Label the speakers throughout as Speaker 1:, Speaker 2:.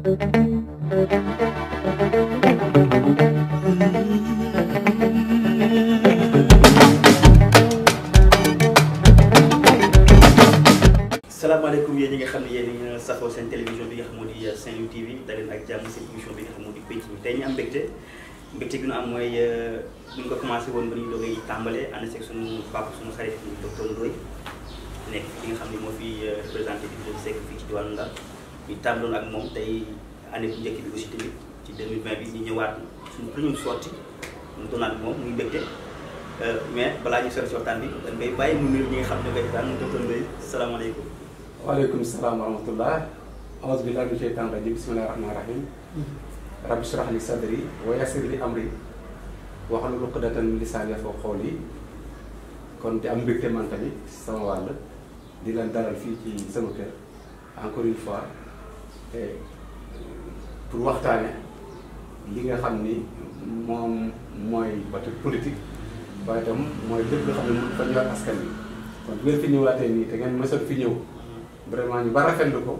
Speaker 1: salaamaaleykum yéen ya, ñi ya, nga xam ne yéen a ngi seen télévision bi nga xam moo di ya, Saint-Louis TV daleen ak jàmm seen émission bi nga xam moo di pénc mi tey ñu am mbégte mbégte gi ñu am mooy bu ñu ko commencé woon ba ñu doogay tàmbale ànd seeg sunu papa sunu xarit docteur Ndoye nekk ki nga xam ne fi représenté di Seck fii ci diwaanu Ndar ñu tàmbaloon ak moom tey année bu njëkk bi aussi tamit ci 2020 bi ñu ñëwaat suñu première sortie mu doonaat moom muy mbégte euh, mais balaa ñu sori si waxtaan bi dañ koy bàyyi mu nuyu ñi nga xam ne ngay daan mu docteur Mbaye salaamaaleykum waaleykum salaam wa rahmatullah aouzu billahi min cheytan rajim bismillahi rahmani rahim rabbi
Speaker 2: shrah li sadri wa yassir li amri waxal luqdatan min lisaani foo xool yi kon di am mbégte man tamit sama wàll di leen dalal fii ci sama kër encore une fois pour waxtaane li nga xam ni moom batu politique waaye itam mooy lépp loo xam ne moom fa ñor askan bi kon bu ngeen fi ñëwaatee nii te ngeen mësal fi ñëw vraiment
Speaker 1: ñu ba rafetlu ko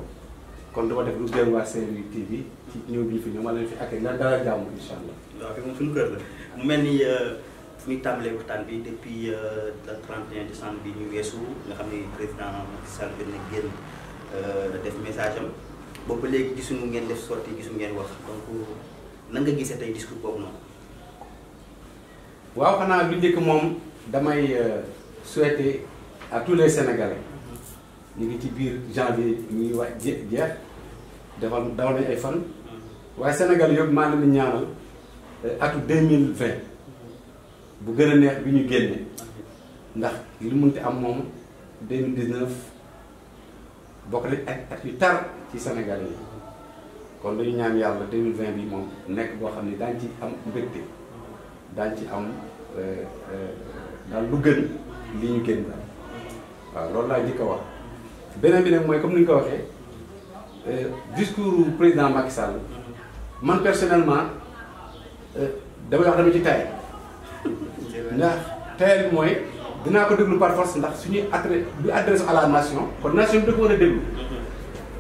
Speaker 1: kon dama def lu gën waa Saint-Louis TV ci ñëw bi ñu fi ñëw ma leen fi accueil lan dara jàmm incha allah. waaw fi moom kër la mu mel ni euh, fu ñu tàmbalee bi depuis euh, le 31 décembre bi ñu weesu nga xam président Macky Sall gën na génn euh, def message am. boobu léegi gisuñu ngeen def sortie gisuñu ngeen wax donc nan nga gisee tey discours boobu noonu. waaw xanaa lu njëkk moom
Speaker 2: damay euh, souhaiter à tout les sénégalais ñu ngi ci biir janvier ñu ngi wax je jeex dafa dafa nañ ay fan. waaye Sénégal yëpp maa ngi leen ñaanal euh, atu deux mille vingt bu gën a neex bi ñu génne ndax mun munti am moom deux mille dix neuf bokk nañ ak at yu tar. ci Sénégalais yi kon dañu ñaan yàlla 2020 bi moom nekk boo xam ne daañ ci am mbégte daañ ci am euh, euh, daal lu gën li ñu gën daal waaw loolu laa njëkk a wax beneen bi nag mooy comme ni ñu ko waxee euh, discours président Macky Sall man personnellement damay wax dama ci tayal ndax tayal bi mooy dinaa ko déglu par force ndax suñuy adresse adresse à la nation kon nation bi da ko war a déglu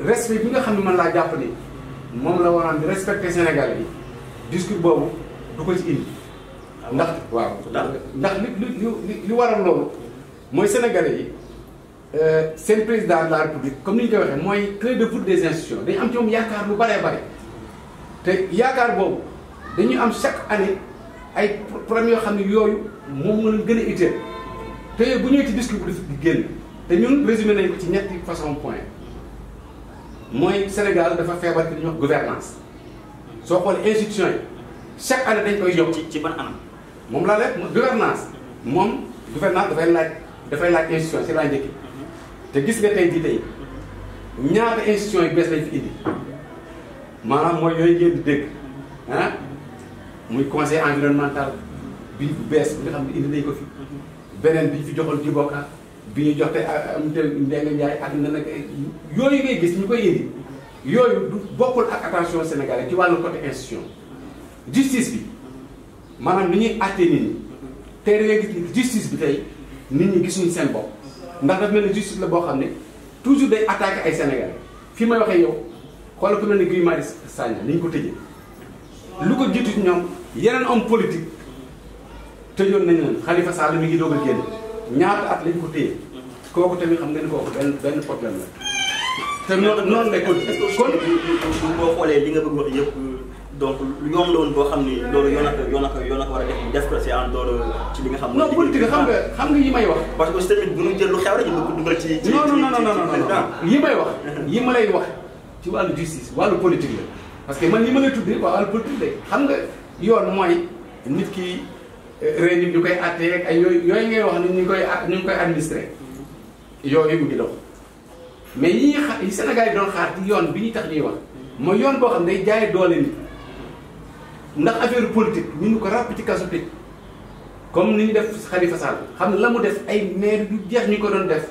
Speaker 2: respect bi nga xam man ni mom la respecter Sénégalais yi discours bobu du ko ci indi. Ah ndax ndax li li waral Sénégalais yi le euh, président de la république comme ni moy clé de voûte des institutions dañu am ci lu de te dañu am chaque année ay problème yo xamni yoyu mom de gëna ité bu ci discours bi génn te ñun résumé nañ ko ci ñetti façon point mooy Sénégal dafa feebar ci li ñuy wax gouvernance soo xoolee institution yi chaque année dañ koy yokk ci ci ban anam moom la leen gouvernance moom gouvernance dafay laaj dafay laaj institution si laa njëkki te gis nga tey jii tey ñaata institution yi bees lañ fi indi maanaam mooy yooyu ngeen di dégg ah muy conseil environnemental bi bu bees bi nga xam ne indi nañ ko fi beneen bi fi joxoon di bokkaat bi ñu jox te am te Ndege Ndiaye ak na nag yooyu ngay gis ñu koy yëngi yooyu du bokkul ak attention sénégal ci wàllu côté institution justice bi maanaam ni ñuy àtte nit ñi bi tey nit ñi gisuñu seen bopp ndax daf mel ne justice la boo xam ne toujours day attaqué ay sénégalais fi may waxee yow xoolal ku ne Guy Marius Sagna ni ñu ko tëjee lu ko jiitu ñoom yeneen homme politique tëjoon nañ leen Khalifa Sall mi ngi doog a génn ñaata at lañ ko téye. kooku tamit xam nga ni kooku benn benn problème la. te noonu noonu
Speaker 1: lay continué boo xoolee li nga bëgg wax yëpp donc ñoom la woon boo xam ni loolu yoon ak yoon ak a xam. non politique wax.
Speaker 2: parce que aussi tamit bu ñu jël lu xew rek ñu wax yi ma lay wax ci wàllu justice wàllu parce que man yi ma lay tuddee waa wàllu xam nga yoon mooy nit ki euh, réew mi ñu koy àttee yooyu ngay wax ni ñu koy ñu koy administré. yooyu mu ngi dox mais yii xa yi Sénégal yi doon xaar ci yoon bi ñu tax ñuy wax mooy yoon boo xam ne day jaay doole nit ndax affaire politique ñu ngi ko ràpp ci kasu tëj comme ni ñu def Khalifa Sall xam ne la mu def ay maire du jeex ñu ko doon def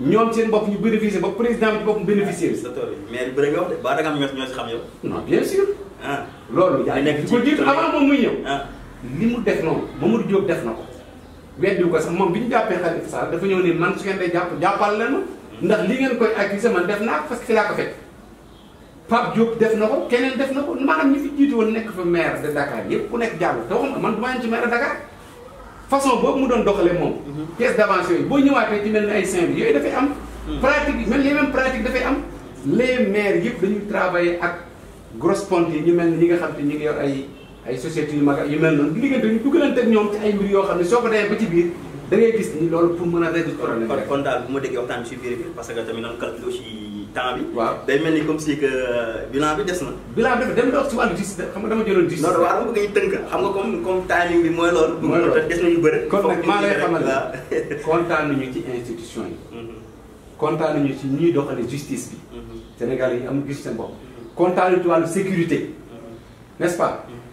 Speaker 2: ñoom seen bopp ñu bénéficier ba président bi ci bopp bénéficier bi. Ah,
Speaker 1: maire bi bëri nga ba da nga am ñoo si xam yow. non bien sûr. Ah. loolu yaa ngi ci ko jiitu avant
Speaker 2: moom muy ñëw. Ah. li mu def noonu Mamadou Diop def na weddi ko sax moom bi ñu jàppee Khalifa Sall dafa ñëw ne man su ngeen dee jàpp jàppal leen ndax li ngeen koy accusé man def naa ko parce que fi laa ko fekk Pape Diop def na ko keneen def na ko maanaam ñi fi jiitu woon nekk fa maire de Dakar yëpp ku nekk jàll te waxuma man du maa ci maire de façon boobu mu doon doxalee moom. Mhm. pièce d'avance yooyu boo ñëwaatee ci mel ni ay Saint-Louis yooyu dafay am. Mhm. pratique même les mêmes pratiques dafay am les maires yëpp dañuy travailler ak grosses pontes yi ñu mel ni ñi nga xam te ñu ngi ay. ay
Speaker 1: sociétés yu mag yu mel noonu ñoom ci ay mbir yoo xam ne ci biir da ngay gis pour a problème bi. kon daal bu ma déggee waxtaan bi parce que tamit calcul temps bi. day mel comme si que euh, bilan bi na. bilan bi dem si justice xam nga dama jëloon justice. non waaw bëgg ñu xam nga comme comme timing bi mooy loolu. mooy loolu des ñu bëri. kon nag maa lay xamal la
Speaker 2: kontaan ci institution yi. Mhm. kontaan nañu ci justice bi. Mhm. Sénégal yi gis mhm. sécurité n'est-ce pas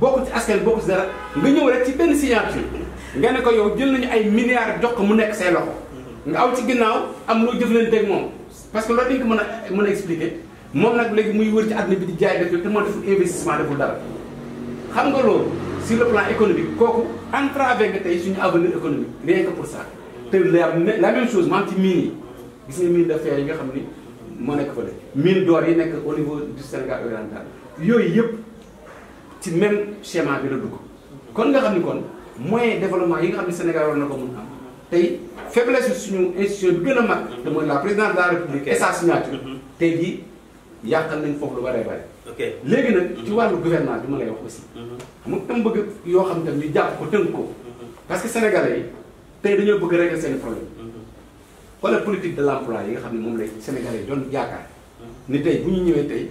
Speaker 2: bokkul ci askan bokkul ci dara nga ñëw rek ci benn signature nga ne ko yow jël nañu ay milliards jox ko mu nekk say loxo nga aw ci ginnaaw am jël loo jëflanteeg moom parce que loolu dañ ko mën a mu a expliquer moom nag léegi muy wër ci àdduna bi di jaay def yooyu te moo deful investissement deful dara xam nga loolu sur le plan économique kooku entravé nga tey suñu avenir économique rien que pour ça te la la même chose maam ci mine de fer yi nga xam ni moo nekk fële mine d'or yi nekk au niveau du Sénégal oriental yooyu yëpp ci même schéma bi la dugg kon nga xam ni kon moyen développement yi nga xam ne Sénégal war na ko mun am tey faiblesse suñu institution bi gën a mag te la présidence de la république et sa signature mhm. tey jii yàqal nañ foofu lu bëree bëri ok léegi nag ci wàllu gouvernement bi ma lay wax aussi mhm. mu tam bëgg yoo xam tam ñu jàpp ko tënk ko mhm. parce que sénégalais yi tey dañoo bëgg régler seen problème wala politique de l' emploi yi nga xam ne moom lay sénégalais yi doon yaakaar ni tey bu ñu ñëwee tey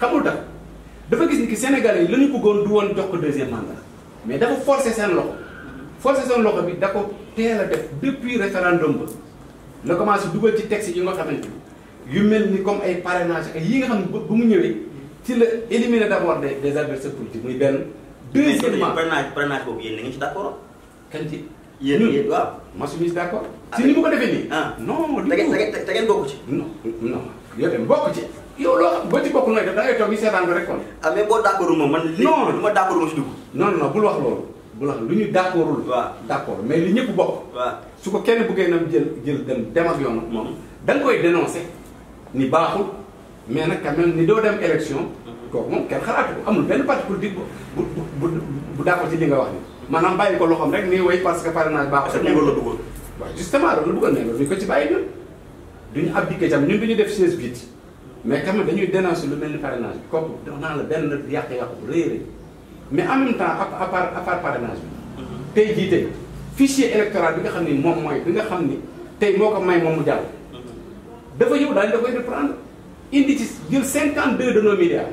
Speaker 2: xamul tax dafa gis ni ki Sénégalais yi la ñu bëggoon du woon jox ko deuxième mandat mais dafa forcer seen loxo forcer seen loxo bi da ko teel a def depuis référendum ba la commencé dugal ci texte yi nga xamante yu mel ni comme ay parrainage yi nga xam ne bu mu ñëwee ci la éliminer d' abord des des adversaires politiques muy benn. deuxièmement mais parrainage parrainage boobu yéen da ngeen ci d' accord. kan ci yéen yéen waaw masuñu ah, si d' accord. si mu ko defee nii. Ah. non du ko te ngeen bokk ci. non non yow tamit bokk ci. yow loo xam boo ci bokkul nag da ngay toog ñu seetaan rek kon. ah mais boo d'accordul ma man. non li ma d'accordul ma si dugg. non non bul wax loolu. bul wax lu ñu d'accordul. waaw d'accord mais li ñëpp bokk. waaw su ko kenn bëggee nam jël jël dem dem ak yoonam moom da nga koy dénoncer ni baaxul mais nag quand même ni doo dem élection. Mhm. kooku moom kenn xalaatu ko amul benn parti politique bu bu bu d'accord ci li nga wax ni maanaam bàyyi ko loxoom rek nii way parce que parrainage baaxul. est-ce que loolu la bëggoon. waaw justement ñu ko def chaise vide. mais quand même dañuy dénoncer lu mel parrainage bi kooku dox naa la benn yàq-yàq bu rëy mais en même temps à part à part parrainage bi mhm. tey jii fichier électoral bi nga xamni mom moy bi nga xamni tay moko may moom mhm. dal dafa yow dañ da koy reprendre indi ci jël cinquante de nos milliards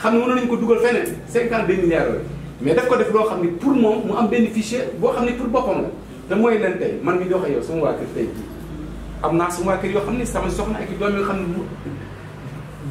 Speaker 2: xam ne ko dougal fene 52 milliards yooyu mais daf ko def lo xamni pour mom mu am benn fichier bo xamni pour boppam la te mooy leen tey man mi di wax yow sama wa kër tay jii am sama wa kër yo xamni sama soxna ak i doom yoo xamni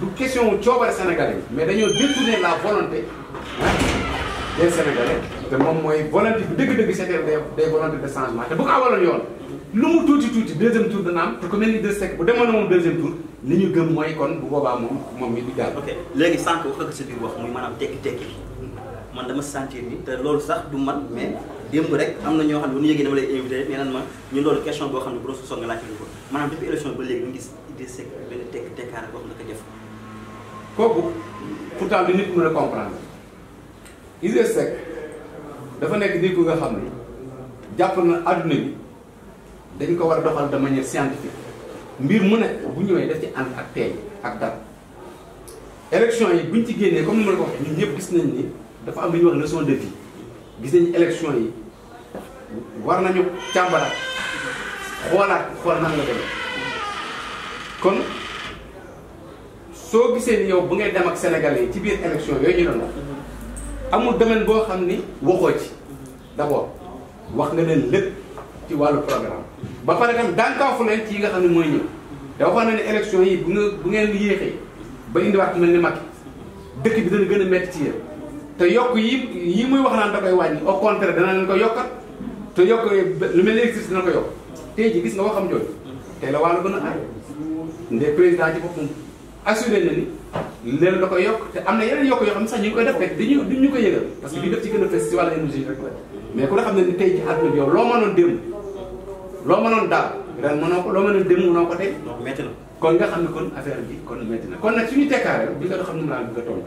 Speaker 2: du question coobare sénégalais yi mais dañoo détourner la volonté des sénégalais te moom mooy volonté bu dëgg-dëgg c'est-à-dire des volonté de changement bu ko awaloon yoon lu mu tuuti tuuti deuxième tour dana am te ku mel
Speaker 1: ni deux sec bu demoon na moom deuxième tour li ñu gëm mooy kon bu boobaa moom moom mi du jàll. ok léegi sànq wax nga ko sa wax muy maanaam tekki-tekki man dama sentir ni te loolu sax du man mais. démb rek am na ñoo xam ne bu ñu yëgee dama lay invité nee ma ñu loolu question boo xam ne bu doon soog nga ba léegi ñu gis Idrissa Seck benn tekk tekkaar boo def kooku
Speaker 2: pourtant du nit mën a comprendre Idrissa Seck dafa nekk nit ku nga xam ne jàpp na àdduna bi dañ ko war a doxal de manière scientifique mbir mu ne bu ñëwee daf ci ànd ak teey ak dara élection yi buñ ci génnee comme ni ma ko waxee ñëpp gis nañ ni dafa am lu ñuy wax leçon de vie gis nañu élection yi war nañu càmbaraat xoolaat xool nan la demee kon soo gisee ni yow bu ngeen dem ak sénégalais yi ci biir élection yooyu ñu doon wax amul domaine boo xam ni waxoo ci d'abord wax nga leen lépp ci wàllu programme ba pare tam daankaafu leen ci yi nga xam ne mooy ñëw te waxoon na ne élection yi bu nga bu ngeen yéexee ba indiwaat mel ni Macky dëkk bi dana gën a métti ci yéen te yokk yi yi muy wax naan da wàññi o contraire dana leen ko yokkat te yokk lu mel ni existe dana ko yokk tey ji gis nga waxam jooju tey la wàllu gën a président ci assuré na ni leen da koy yokk te am na yeneen yokk yoo xam ne sax ñu ngi ko def rek dañu duñ ñu koy yëgal parce que li def ci gën a fes si wàllu énergie rek la mais ku ne xam ne ni tey ci àdduna yow loo mënoon démb loo mënoon daaw ren mënoo ko loo mënoon démb mënoo ko tey métti na kon nga xam ne kon affaire bi kon métti na kon nag suñu tekkaare bi nga do xam ne laa bi nga toll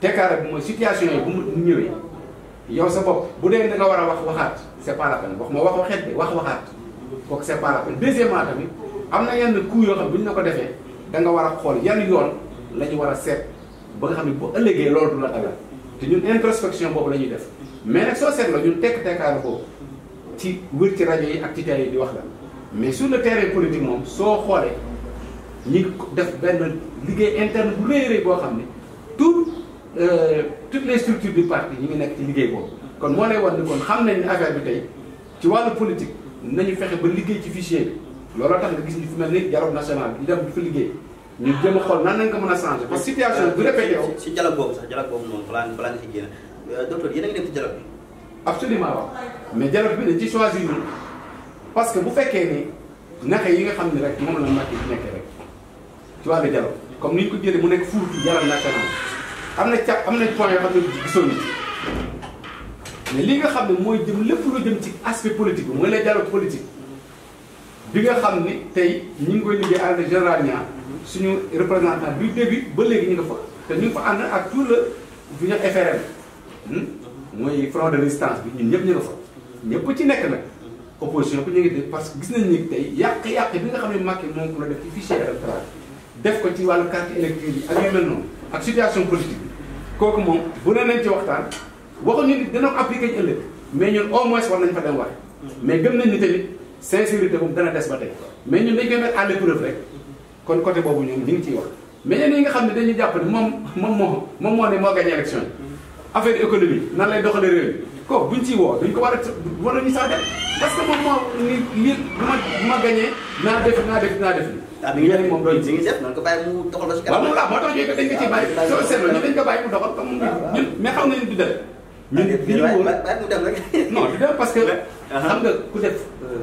Speaker 2: tekkaare bi mooy situation yi bu mu ñëwee yow sa bopp bu dee da nga war a wax waxaat c'est pas la ma wax waxeet bi wax waxaat kooku c'est pas la peine deuxièmement tamit am na yenn coup yoo xam bu ñu la ko defee da nga war a xool yoon lañu wara set ba nga xamni ne bu ëllëgee loolu du la dalal te ñun introspection bobu la def mais so set la ñun tek tekkaar ko ci wër ci radio yi ak ci télé di wax la mais sur le terrain politique mom so xolé ñi def ben liggéey interne bu rëy rëy boo xam ne tout euh, toutes les structures du parti ñi ngi nekk ci liggéey bobu kon mo lay wan kon xam nañ ne affaire bi tay ci walu politique nañu fexé ba liggéey ci fichier bi looloo tax nga gis ñu fi mel ni dialogue national bi ñu dem di fa liggéey ñu jëm a xool nan lañ ko mën a changer parce situation bu répété wu. si
Speaker 1: si dialogue boobu sax dialogue boobu noonu balaa balaa nga si génn euh, bi. absolument
Speaker 2: mais dialogue bi dañ ci choisir ñu
Speaker 1: parce que bu fekkee ni nax yi nga xam ne rek moom
Speaker 2: la Macky di nekkee rek ci wàllu dialogue comme ni ñu ko jëlee mu nekk fuur ci dialogue national am na cap am na point yoo xam mais li nga xam ne mooy jëm lépp lu jëm ci aspect politique bi mooy la dialogue politique. bi nga xam ni tey ñu ngi koy liggéey ànd général ñaar suñu représentant du début ba léegi ñu nga fa te ñu ngi fa ànd ak tout le fi ñu FRN mooy front de résistance bi ñun ñëpp ñu nga fa ñëpp ci nekk nag opposition bi ñu ngi def parce que gis nañ ni tey yàq-yàq bi nga xam ne Macky moom ko la def ci fichier électoral def ko ci wàllu carte électorale yi ak yu mel noonu ak situation politique bi kooku moom bu ne nañ ci waxtaan waxuñu ni dina ko appliqué ci ëllëg mais ñoon au moins wa nañ fa dem waxe mais gëm nañ ni sincérité boobu dana des ba tey mais ñun dañ koy mettre à l'épreuve rek kon côté boobu ñu ngi mais ñeneen ñi nga xam ne dañuy jàpp ne moom moom moo moom moo moo gagné élection yi affaire économie nan lay doxalee réew mi ko buñ ciy woo dañ ko war a war a ñu parce que moom moo ma bu naa def naa def naa def waaw ah, mi ngi def moom doy ci ngi def
Speaker 1: noonu ko bàyyi mu doxal ba su waaw moom laa moo tax ñooy ko dañ ko ciy bàyyi ah, soo seetloo ñun dañ ko bàyyi mu doxal comme ah, ñun mais xam nga
Speaker 2: ñun du def ñun ñu
Speaker 1: wóor non du def
Speaker 2: parce xam nga ku def uh-huh.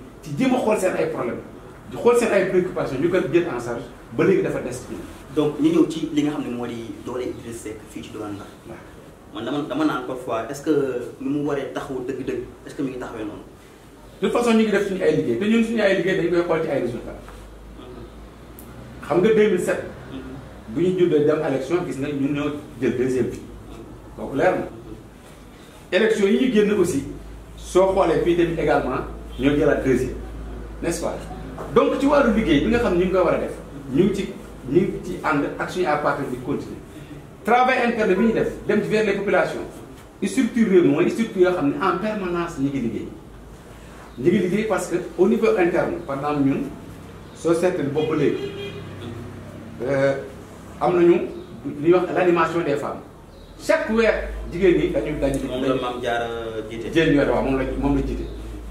Speaker 2: ci jéem a xool seen ay problème di
Speaker 1: xool seen ay préoccupation ñu koy jël en charge ba léegi dafa des ci donc ñu ñëw ci li nga xam ne moo di doole Idrissa Seck fii ci doon ndax. man dama dama naan encore fois est-ce que ni mu waree taxawu dëgg-dëgg est-ce que mi ngi taxawee noonu de toute façon ñu ngi def suñu ay liggéey te ñun suñu ay liggéey dañ koy xool ci ay résultats. Mm-hmm.
Speaker 2: xam nga 2007 mm-hmm. bu ñu juddee dem élection gis nañ ñu ñoo jël deuxième bi mm-hmm. kooku leer na élection yi ñu génn aussi soo xoolee fii tamit également ñoo jëlaat deuxième n'est-ce pas donc ci wàllu liggéey bi nga xam ñu ngi ko war a def ñu ngi ci ñu ngi ci ànd ak suñu à partir e di continuer travail interne bi ñu def dem ci vers les populations structure réew mooy structure yoo xam ne en permanence ñu ngi liggéey ñu ngi liggéey parce que au niveau interne par exemple ñun soo seetlee boobu léegi euh, am nañu li wax l' animation des femmes chaque weer jigéen ñi dañu dañu. moom la Mame Diarra jiite jigéen ñi waaw moom la moom la jiite.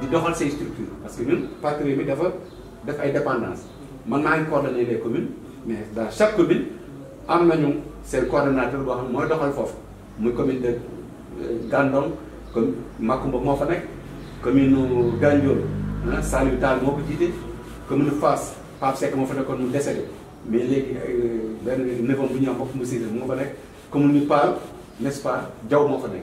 Speaker 2: di doxal say structure parce que ñun partenaire bi dafa def ay dépendance man maa ngi coordonné les communes mais dans chaque commune am nañu seen coordonnateur boo xam ne mooy doxal foofu muy commune de euh, Gandon comme Makumba moo fa nekk commune Gandiol ah Saliou Tall moo ko jiite commune Fass Pape Seck moo fa nekkoon mu décédé mais léegi euh, benn neveu bu ñuy wax mbokk mu Cissé moo fa nekk commune Paal n'est-ce pas Diaw moo fa nekk.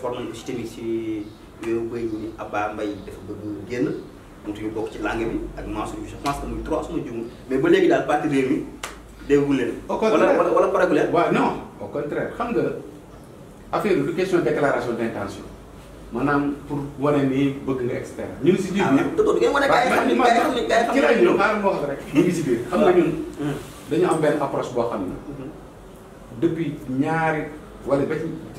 Speaker 1: formé ko ci tamit ci yooyu béy ñu Abba Mbaye dafa bëgg génn moom tamit bokk ci langue bi ak Mansour bi je pense que muy trois suma jumul mais ba léegi daal parti réew mi déggul leen. au contraire wala wala paragu leen. waaw non
Speaker 2: au contraire xam nga affaire du question déclaration d'intention maanaam pour wane ni bëgg nga expert. ñu ngi si biir ñëpp ah mais wane gars yi xam ni gars yi xam ni gars yi xam ni. ci la ñu wax rek ñu ngi si biir. xam nga ñun dañu am benn approche boo xam ne. depuis ñaari wala ba ci.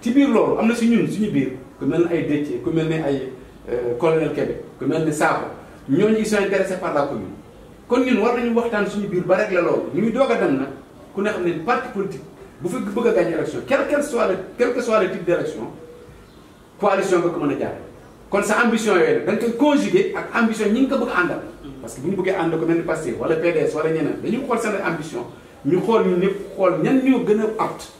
Speaker 2: ci biir loolu am na si ñun suñu biir ku mel ne ay Déthié ku mel ne ay euh, colonel Kébé ku mel ne Sakho ñooñu ils sont intéressés par la commune kon ñun war nañu waxtaan suñu biir ba rek la loolu ñuy doog a dem na ku ne xam ne parti politique bu fi bëgg a gagné élection quel quel soit le quel que soit le type d' élection coalition nga ko mën a jaar kon sa ambition yooyu da nga koy conjuguer ak ambition ñi nga ko bëgg a àndal parce que bu ñu bëggee ànd ko mel ni Pastef wala PDS wala ñeneen dañu xool seen ambition ñu xool ñu ñëpp xool ñan ñoo gën a apte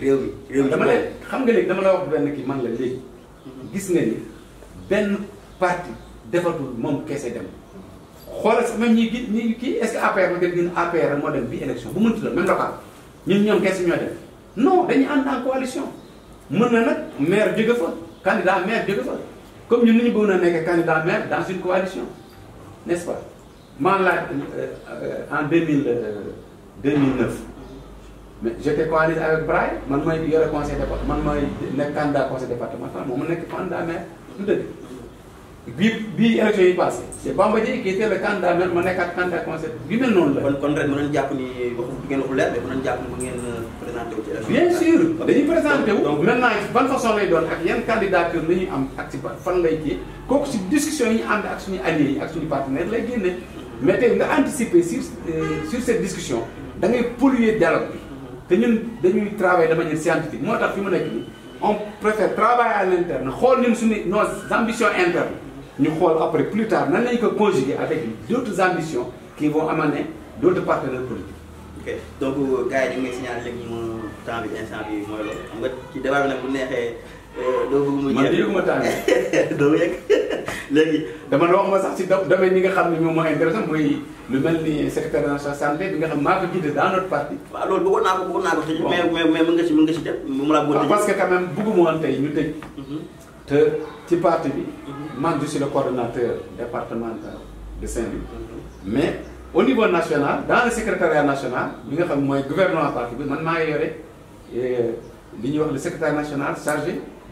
Speaker 2: réew mi réew mi dama leen
Speaker 1: xam nga léegi dama la wax benn kii man la
Speaker 2: léegi gis nga ni benn parti defatul moom kese dem xoolal sax même ñi gi ñi kii est-ce que APR ma def ñun APR moo dem bi élection bu mënti la même local ñun ñoom kese ñoo dem non dañu ànd en coalition mën na nag maire jóge fa candidat maire jóge fa comme ñun ni ñu bëgg na nekk candidat maire dans une coalition n'est-ce pas maa laaj euh, euh, en deux mille euh, deux mille neuf mais j'étais coalisé avec Braille man moy mooy yore conseil département man moy nek candidat conseil départemental moom mu nekk candidat maire du de bi bi élection yi passé c'est Bamba Dieye qui était le candidat maire man nek candidat conseil bi mel non la. kon kon ren mën nañu jàpp ni waxu ngeen waxu leer de mën nañu japp ni ngeen euh,
Speaker 1: présenté ci élection. bien sûr
Speaker 2: dañuy présenté wu. maintenant ban façon lay doon ak yan candidature la am ak si fan lay kii kooku ci discussion yi and ak suñu alliés ak suñu partenaire lay génne mais tey nga anticiper sur euh, sur cette discussion da ngay polluer dialogue nous travaillons de manière scientifique on préfère travailler à l'interne nous ñun nos ambitions internes ñu après plus tard nous lañ ko conjuguer
Speaker 1: avec d'autres ambitions qui vont amener d'autres partenaires politiques. donc doo bëgg mu jeex man yëguma tànn doo yëg léegi. dama ne wax ma sax si domaine yi nga
Speaker 2: xam ne moom moo intéressant mooy lu mel ni secrétaire national santé bi nga xam maa ko jiite dans notre parti. waaw loolu bëggoon naa ko
Speaker 1: bëggoon naa ko tëj. mais
Speaker 2: mais mën nga si mën nga si dem. mu la bëggoon ah, parce que quand même bëgguma woon tey ñu tëj. Mm-hmm. te ci parti bi. Mm-hmm. man je suis le coordonnateur départemental de Saint-Louis. Mm-hmm. mais au niveau national dans le secrétariat national. bi nga xam mooy gouvernement parti bi man maa ngi yore euh, li ñuy wax le secrétaire national chargé.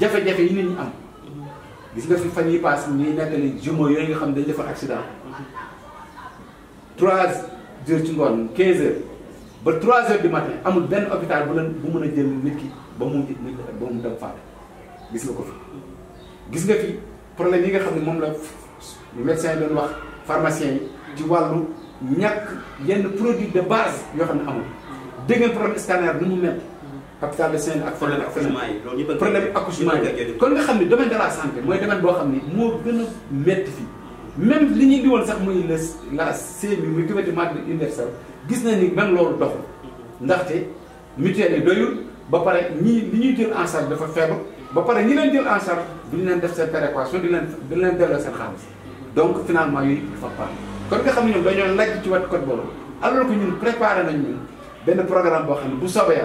Speaker 2: jafe-jafe yi nit ñi am gis nga fi fan yi paas ñuy nettali jumeau yooyu nga xam dañ defar accident trois heures ci ngoon quinze heures ba trois heures du matin amul benn hôpital bu leen bu mën a jël nit ki ba mu nit ba mu dem faatu gis nga ko fi gis nga fi problème yi nga xam ne moom la médecin doon wax pharmacien ci wàllu ñàkk yenn produit de base yoo xam ne amul dégg problème scanner ni mu mel hôpital de Saint ak feneen ak feneen
Speaker 1: problème accouchement yi
Speaker 2: kon nga xam ne domaine de la santé mooy domaine boo xam ne moo gën a fii même li ñuy di woon sax muy la la CMU muy couverture maladie universelle gis nañ ni même loolu doxul ndaxte mutuelle yi doyul ba pare ñii li ñuy jël en charge dafa faible ba pare ñi leen jël en charge duñu leen def seen péréquation di leen di leen delloo seen xaalis donc finalement yooyu dafa paal kon nga xam ne ñoom dañoo lajj ci wat code boobu alors que ñun préparé nañ benn programme boo xam ne bu soobee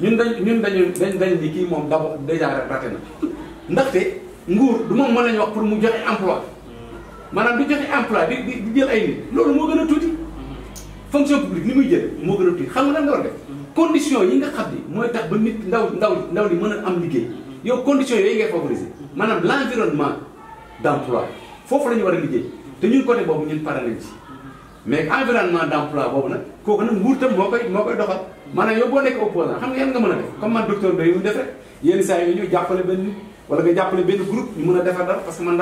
Speaker 2: ñun dañ ñun dañu dañ dañ ni kii moom d'abord déjà raté na ndaxte nguur du moom mën nañu wax pour mu joxe emploi maanaam di joxe emploi di di di jël ay nit loolu moo gën a tuuti fonction publique ni muy jël moo gën a tuuti xam nga lan nga war a def condition yi nga xam ni mooy tax ba nit ndaw ndaw ndaw li mën a am liggéey yow condition yooyu ngay favoriser maanaam l'environnement d'emploi foofu la ñu war a liggéey te ñun côté boobu ñun pare nañ ci mais environnement d'emploi boobu nag kooku nag nguur tam moo koy moo koy doxal maanaam yow boo nekk opposant xam nga yan nga mën a def comme man docteur Ndoye mu def rek yenn saa yi ñu jàppale benn nit wala a defar dara parce que man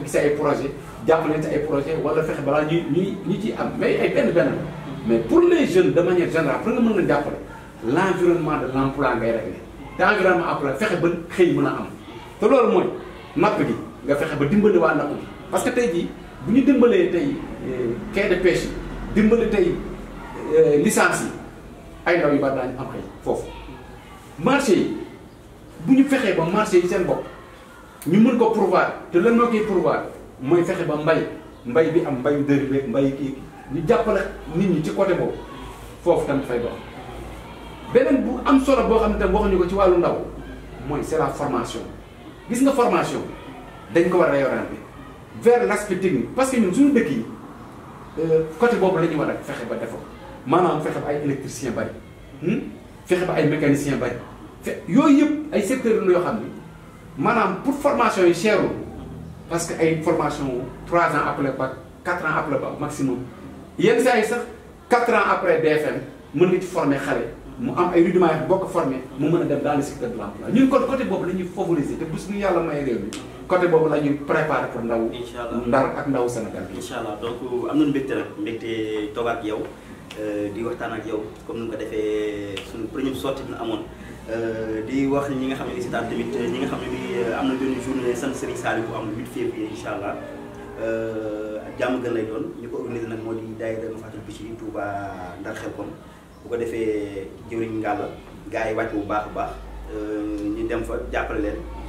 Speaker 2: bi ay projet jàppale ci ay projet wala fexe balaa ñuy ñi ciy am mais ay benn mais pour les jeunes de manière générale pour nga mën nga jàppale l' environnement de l' emploi ngay réglé te environnement emploi fexe ba xëy mën a am te loolu mooy napp bi nga fexe ba dimbali waa napp gi parce tey jii bu ñu dimbalee tey euh, quai de pêche yi dimbale tey euh, licence yi ay ndaw yu bari daañu am xëy foofu marché yi bu ñu fexee ba marché yi seen bopp ñu mën ko pourvoir te la moo koy pourvoir mooy fexe ba mbay mbay bi am mbayu dérivé mbay kii ñu jàppale nit ñi ci côté boobu foofu tamit fay dox beneen bu am solo boo xam ne tam waxuñu ko ci wàllu ndaw mooy c'est la formation gis nga formation dañ ko war a bi vers l' aspect technique parce que ñun suñu dëkk yi euh, côté boobu la ñu war a fexe ba def defoo maanaam fexe ba ay électricien bari hmm? fexe ba ay mécanicien bari fe yooyu yëpp ay secteurs la yoo xam ne maanaam pour formation yi cherul parce que ay formation trois ans après ba quatre ans après ba maximum yenn saa yi sax quatre ans après BFM mën nga ci xale mu am ay rudiments boo ko formé mu mën a dem dans le secteur de ñun kon côté boobu la ñuy favoriser te bés yàlla may réew mi côté boobu la ñuy préparé
Speaker 1: pour ndaw. incha allah ndar ak ndaw Sénégal bi. incha allah donc am nañu mbégte nag mbégte toog ak yow euh, di waxtaan ak yow comme ni nga ko defee suñu première sortie na amoon. Euh, di wax ñi nga xam ne si daal tamit ñi nga xam ne bi euh, am na benn journée sant Serigne Saliou bu am le 8 février incha allah jàmm gën lay doon ñu ko organisé nag moo di daayira Mafatul Bichri Touba Ndar Xelkom bu ko defee jëwriñ ngàll gaa yi wàcc bu baax a baax ñu dem fa jàppale leen.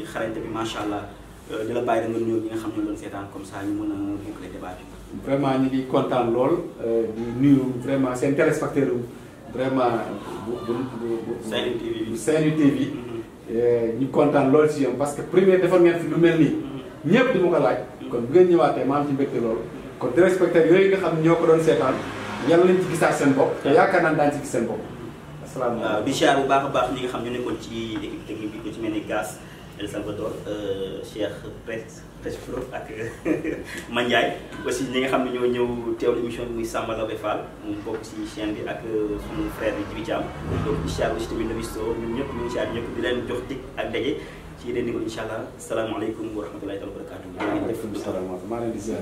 Speaker 1: ci xarañte bi macha allah euh, di la bàyyi da nga ñi nga xam ne doon seetaan comme ça ñu mën a boucler débat bi.
Speaker 2: vraiment ñu ngi kontaan lool euh, di nuyu vraiment seen téléspectateur vraiment bu bu bu. Saint-Louis TV bi Saint-Louis TV. Mm-hmm. Euh, ñu kontaan lool si yéen parce que première defar ngeen fi lu mel nii. Mm-hmm. ñëpp di ma ko laaj. Mm-hmm. kon bu ngeen ñëwaatee ma am ci mbégte lool. kon téléspectateur yooyu nga xam ne ñoo ko doon seetaan yàlla nañ ci gisaat seen bopp. te yaakaar naa daañu ci gis seen bopp.
Speaker 1: asalaamaaleykum di ziar bu baax a baax ñi nga xam ñu nekkoon ci équipe technique bi ku ci mel ni gaz. El Salvador Cheikh eh, Prince Prince Pro ak Mandiaye aussi ñi nga xam ñoo ñëw teewlu émission muy Samba Fall mu si chaîne bi ak sunu frère bi Djibi donc incha allah tamit Nabi ñun ñëpp ñu ngi si di leen jox ak ci allah salaamaaleykum wa rahmatulahi taala wa barakaatu. waaleykum salaam wa rahmatulah maa leen di ziar.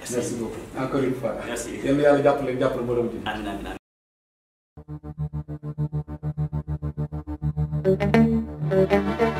Speaker 1: merci beaucoup encore une fois. merci borom Thank you.